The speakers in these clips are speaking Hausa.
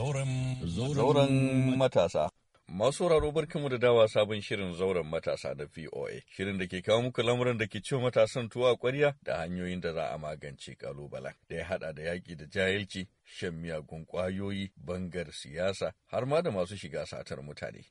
Zauren matasa. Masu wuraro barkanmu da dawa sabon shirin zauren matasa da VOA. Shirin da ke kawo muku lamuran da ke ciwo matasan tuwa kwarya da hanyoyin da za a magance kalubalen da ya haɗa da yaƙi da jahilci, shan miyagun ƙwayoyi, bangar siyasa, har ma da masu shiga satar mutane.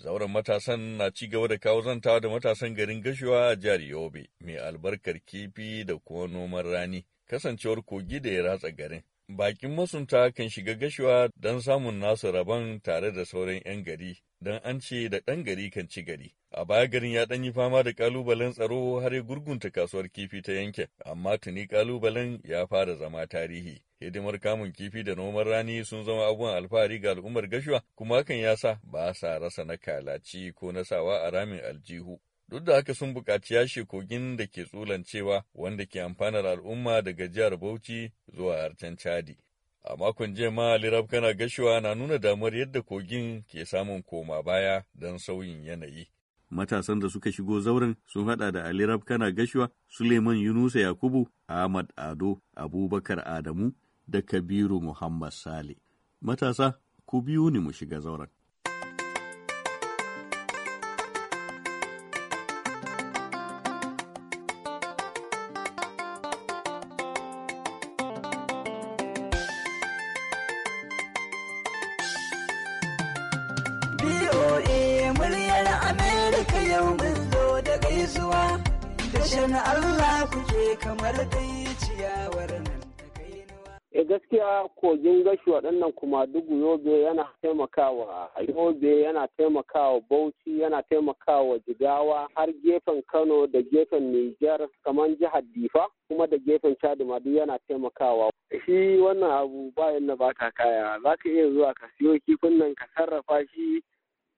Zauren matasan na ci gaba da kawo zantawa da matasan garin gashuwa a jihar Yobe, mai albarkar kifi da kuma noman rani, kasancewar kogi da ya ratsa garin Bakin masunta kan shiga gashuwa don samun nasu rabon tare da sauran 'yan gari, don an ce da ɗan gari kan ci gari. A baya garin ya ɗan yi fama da ƙalubalen tsaro har ya gurgunta kasuwar kifi ta yankin, amma tuni ƙalubalen ya fara zama tarihi. Hidimar kamun kifi da noman rani sun zama abubuwan alfahari ga al'ummar gashuwa, kuma hakan ya sa ba sa rasa na kalaci ko na sawa a ramin aljihu. duk da haka sun buƙaci yashe kogin da ke tsulancewa wanda ke amfanar al'umma daga jihar Bauchi zuwa harcen Chadi. A makon jiya ma Lirab kana gashuwa na nuna damar yadda kogin ke samun koma baya don sauyin yanayi. Matasan da suka shigo zauren sun haɗa da Ali kana Gashuwa, Suleiman Yunusa Yakubu, Ahmad Ado, Abubakar Adamu da Kabiru Muhammad Sale. Matasa, ku biyu ne mu shiga zauren. BOA muryar Amerika yau mun zo da gaisuwa tashan Allah kuke kamar dai ciyawar nan. E gaskiya kogin gashi waɗannan kuma dugu yobe yana taimakawa yobe yana taimakawa bauchi yana taimakawa jigawa har gefen kano da gefen Niger, kamar jihar difa kuma da gefen chadi ma duk yana taimakawa shi wannan abu bayan na ta kaya za ka iya zuwa ka siyo kifin nan ka sarrafa shi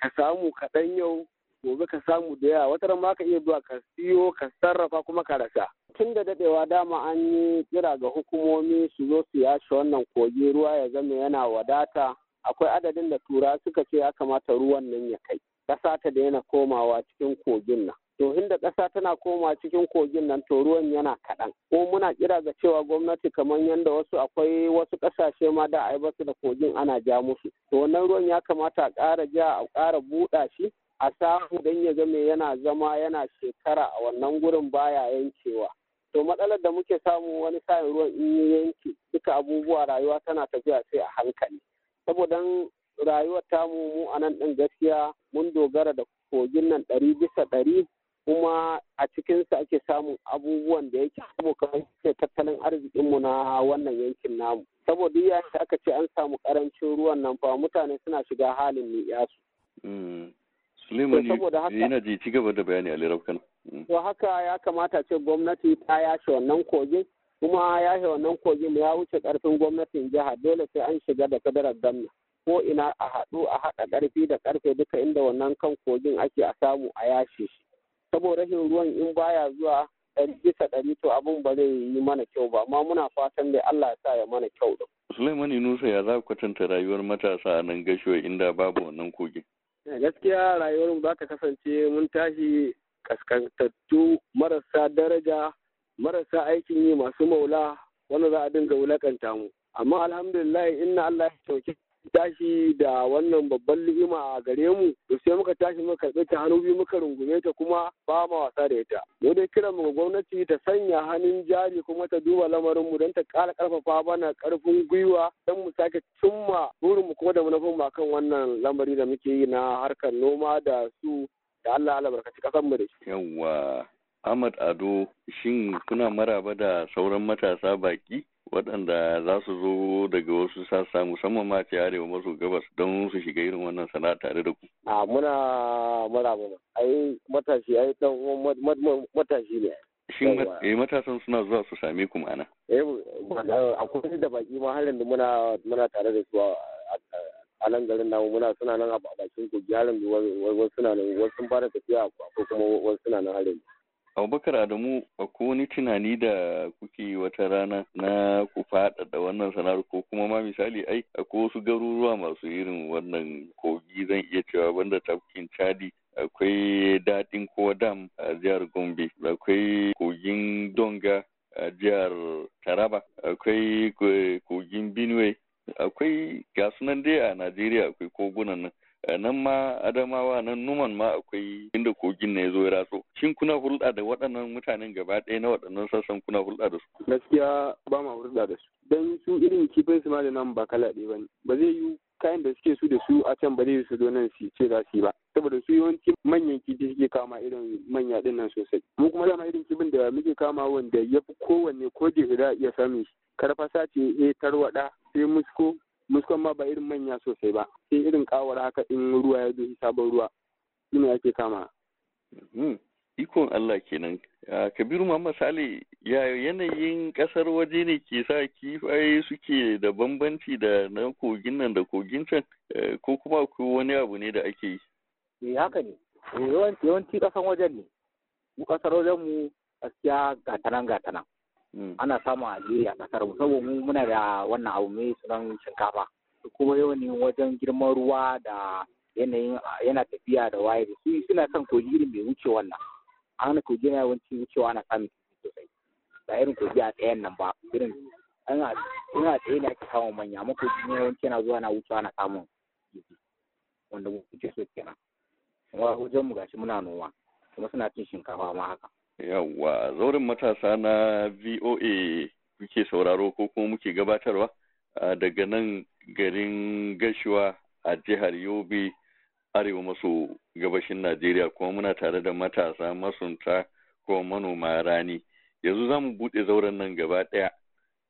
ka samu kaɗan yau gobe ka samu da yawa wata ma ka iya zuwa ka siyo ka sarrafa kuma ka rasa tun da daɗewa dama an yi kira ga hukumomi su zo su yashe wannan kogi ruwa ya zama yana wadata akwai adadin da tura suka ce ya kamata ruwan nan ya kai ƙasa ta daina komawa cikin kogin nan to inda ƙasa tana koma cikin kogin nan to ruwan yana kaɗan ko muna kira ga cewa gwamnati kamar yadda wasu akwai wasu ƙasashe ma da ai basu da kogin ana ja musu to wannan ruwan ya kamata a ƙara ja a ƙara buɗa shi a samu don ya game yana zama yana shekara a wannan gurin baya yankewa to matsalar da muke samu wani sa'in ruwan in yanki duka abubuwa rayuwa tana tafiya sai a hankali saboda rayuwar tamu mu a nan ɗin gaskiya mun dogara da kogin nan ɗari bisa ɗari kuma a cikinsa ake samun abubuwan da yake abokan tattalin arzikinmu na wannan yankin namu saboda yayin da aka ce an samu karancin ruwan nan fa mutane suna shiga halin ne yasu mm. haka yana ji ci gaba bayani a mm. To haka ya kamata ce gwamnati ta yashe wannan kogin kuma yashe wannan kogin ya wuce karfin gwamnatin jiha dole sai an shiga da kadarar gamna. Ko ina a haɗu a haɗa ƙarfi da ƙarfe duka inda wannan kan kogin ake a samu a yashe shi. saboda rashin ruwan in baya zuwa ɗari bisa ɗari to abin ba zai yi mana kyau ba amma muna fatan da Allah ya sa ya mana kyau ɗin. Suleiman Inusa ya za ku kwatanta rayuwar matasa a nan gashiwa inda babu wannan kogin. Eh, gaskiya rayuwar mu za ta kasance mun tashi kaskantattu marasa daraja marasa aikin yi masu maula wanda za a dinga wulakanta mu. Amma alhamdulillah inna Allah ya sauke tashi da wannan babban li'ima a gare mu to sai muka tashi muka karɓe ta hannu biyu muka rungume ta kuma ba ma wasa da ita mu dai kiran mu gwamnati ta sanya hannun jari kuma ta duba lamarin mu don ta ƙara ƙarfafa bana ƙarfin gwiwa don mu sake cimma burin mu kuma da manufan mu kan wannan lamari da muke yi na harkar noma da su da Allah Allah barkaci kasan mu da shi yawwa Ahmad Ado shin kuna maraba da sauran matasa baki waɗanda za su zo daga wasu sassa musamman ma ce arewa maso gabas don su shiga irin wannan sana'a tare da ku. A muna mura muna. Ai matashi ai dan matashi ne. Shin eh, matasan suna zuwa su same ku ma'ana? Eh akwai da baki ma halin da muna muna tare da su a nan garin namu muna suna nan a bakin kogi halin wasu suna nan wasu sun fara tafiya ko kuma wasu suna nan halin. Abubakar Adamu ko wani tunani da kuke wata rana na ku faɗaɗa wannan sana'ar ko kuma ma misali ai akwai wasu garuruwa masu irin wannan kogi zan iya cewa banda tafkin Chadi akwai daɗin kowa dam a jihar Gombe akwai kogin Donga a jihar Taraba akwai kogin Benue akwai gasunan dai a Najeriya akwai kogunan nan Eh, nan ma adamawa nan numan ma akwai inda kogin ne ya zo ya raso shin kuna hulɗa da waɗannan mutanen gaba ɗaya na waɗannan sassan kuna hulɗa da su gaskiya ba ma hulɗa da su dan su irin kifin su ma da nan ba kala ɗaya bane ba zai yiwu kayan da suke su da su a can ba zai su zo nan su ce za su yi ba saboda su yawanci manyan kifi suke kama irin manya ɗin nan sosai mu kuma dama irin kifin da muke kama wanda ya fi kowanne ko jihira ya samun shi karfasa ce eh tarwaɗa sai musko iskon ma ba irin manya sosai ba sai irin kawar haka in ruwa ya zo sabon ruwa shine ake kama hmm. ikon Allah kenan ah, kabiru ma misali ya yanayin kasar waje ne ke sa kifaye suke da bambanci da na kogin nan da kogin can eh, ko kuma akwai wani abu ne da ake yi eh, haka ne eh, yawanci kasan wajen ne mu kasar wajen mu gaskiya gatanan gatanan hmm. ana samun alheri a kasar mu saboda mu muna da wannan abu mai sunan shinkafa su kuma yawan wajen girman ruwa da yanayin yana tafiya da waye da su suna kan kogi irin mai wuce wannan a na kogi na yawanci wucewa na samun kifi sosai ba irin kogi a tsayen nan ba irin ana ina tsaye ne ake samun manya amma kogi ne yawanci yana zuwa na wucewa na samun kifi wanda wuce so kenan wajen mu gashi muna noma kuma suna cin shinkafa ma haka yawwa zauren matasa na voa muke sauraro ko kuma muke gabatarwa ah, daga nan garin gashuwa a jihar yobe arewa maso gabashin najeriya kuma muna tare da matasa masunta ko manoma rani yanzu za mu buɗe zauren nan gaba ɗaya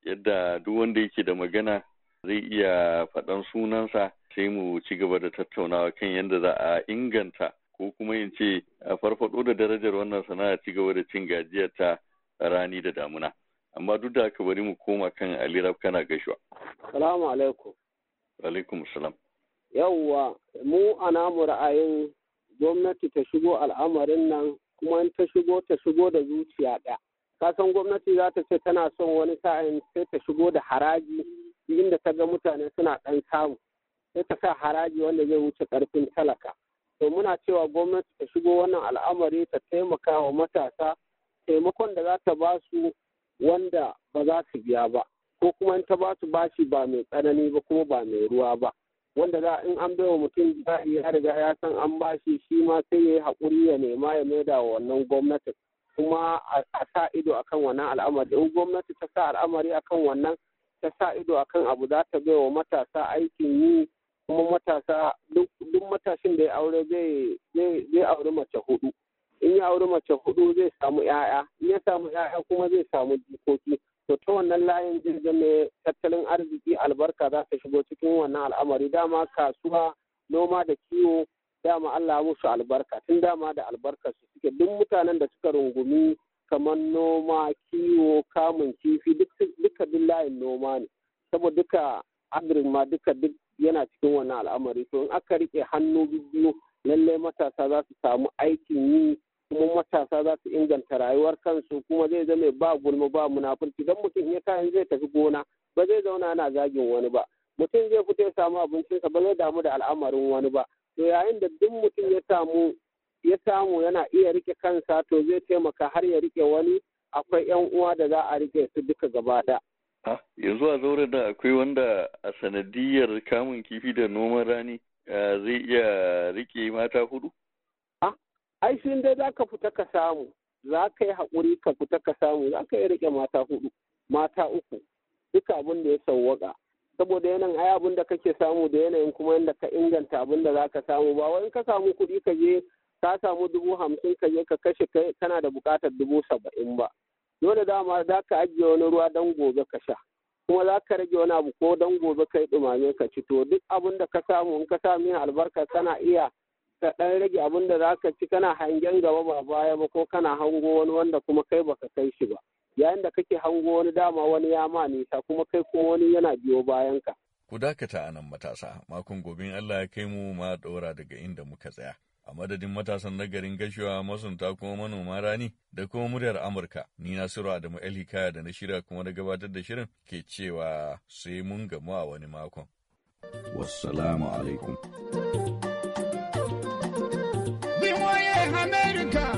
yadda duk wanda yake da magana zai iya faɗan sunansa sai mu ci gaba da tattaunawa kan yadda za a inganta ko kuma in ce a farfaɗo da darajar wannan sana'a ci gaba da cin gajiyar ta rani da damuna amma duk da haka bari mu koma kan Ali kana gashuwa. Salamu alaikum. alaikum salam yawwa mu a namu ra'ayin gwamnati ta shigo al'amarin nan kuma in ta shigo ta shigo da zuciya ɗaya kasan gwamnati za ta ce tana son wani sa'in sai ta shigo da haraji inda ta ga mutane suna ɗan samu sai ta sa haraji wanda zai wuce ƙarfin talaka to muna cewa gwamnati ta shigo wannan al'amari ta taimaka wa matasa taimakon da za ta ba su wanda ba za su biya ba ko kuma in ta ba su bashi ba mai tsanani ba kuma ba mai ruwa ba wanda za in an baiwa mutum jari ya riga ya san an bashi shi ma sai ya yi haƙuri ya nema ya maida wa wannan gwamnati kuma a sa ido akan wannan al'amari in gwamnati ta sa al'amari akan wannan ta sa ido akan abu za ta baiwa matasa aikin yi kuma matasa duk matashin da ya aure zai aure mace hudu in ya aure mace hudu zai samu 'ya'ya in ya samu 'ya'ya kuma zai samu jikoki ta wannan layin jirgin ne tattalin arziki albarka za ta shigo cikin wannan al'amari dama kasuwa noma da kiwo dama Allah musu albarka tun dama da albarka su suke duk mutanen da suka rungumi kamar noma kiwo kamun kifi duka duk layin noma ne saboda duka agirin ma duka duk yana cikin wannan al'amari to in aka rike hannu biyu lallai matasa za su samu aikin yi kuma matasa za su inganta rayuwar kansu kuma zai zama ba gulma ba munafurci don mutum ya kayan zai tafi gona ba zai zauna ana zagin wani ba mutum zai fito ya samu abincinsa ba zai damu da al'amarin wani ba to yayin da duk mutum ya samu ya samu yana iya rike kansa to zai taimaka har ya rike wani akwai yan uwa da za a rike su duka gaba da yanzu a zaure da akwai wanda a sanadiyar kamun kifi da noman rani eh, zai iya rike mata hudu ai shi dai za ka fita ka samu za ka yi haƙuri ka fita ka samu za ka yi riƙe mata hudu mata uku duka abin da ya sauwaƙa saboda yanayin ai abin da kake samu da yanayin kuma yadda ka inganta abin da za ka samu ba wai ka samu kuɗi ka je ka samu dubu hamsin ka je ka kashe kai kana da buƙatar dubu saba'in ba dole dama za ka ajiye wani ruwa don gobe ka sha kuma za ka rage wani abu ko don gobe ka yi ɗumame ka ci to duk abin da ka samu in ka samu yin albarka kana iya ka ɗan rage abin da za ka ci kana hangen gaba ba baya ba ko kana hango wani wanda kuma kai ba ka kai shi ba yayin da kake hango wani dama wani ya ma nisa kuma kai kuma wani yana biyo bayan ka. Ku dakata a nan matasa makon gobe Allah ya kai mu ma ɗora daga inda muka tsaya. A madadin matasan na garin gashiwa masunta kuma manoma rani da kuma muryar Amurka, ni Nasiru Adamu El Hikaya da na shirya kuma na gabatar da shirin ke cewa sai mun gamu a wani makon. Wassalamu alaikum. America.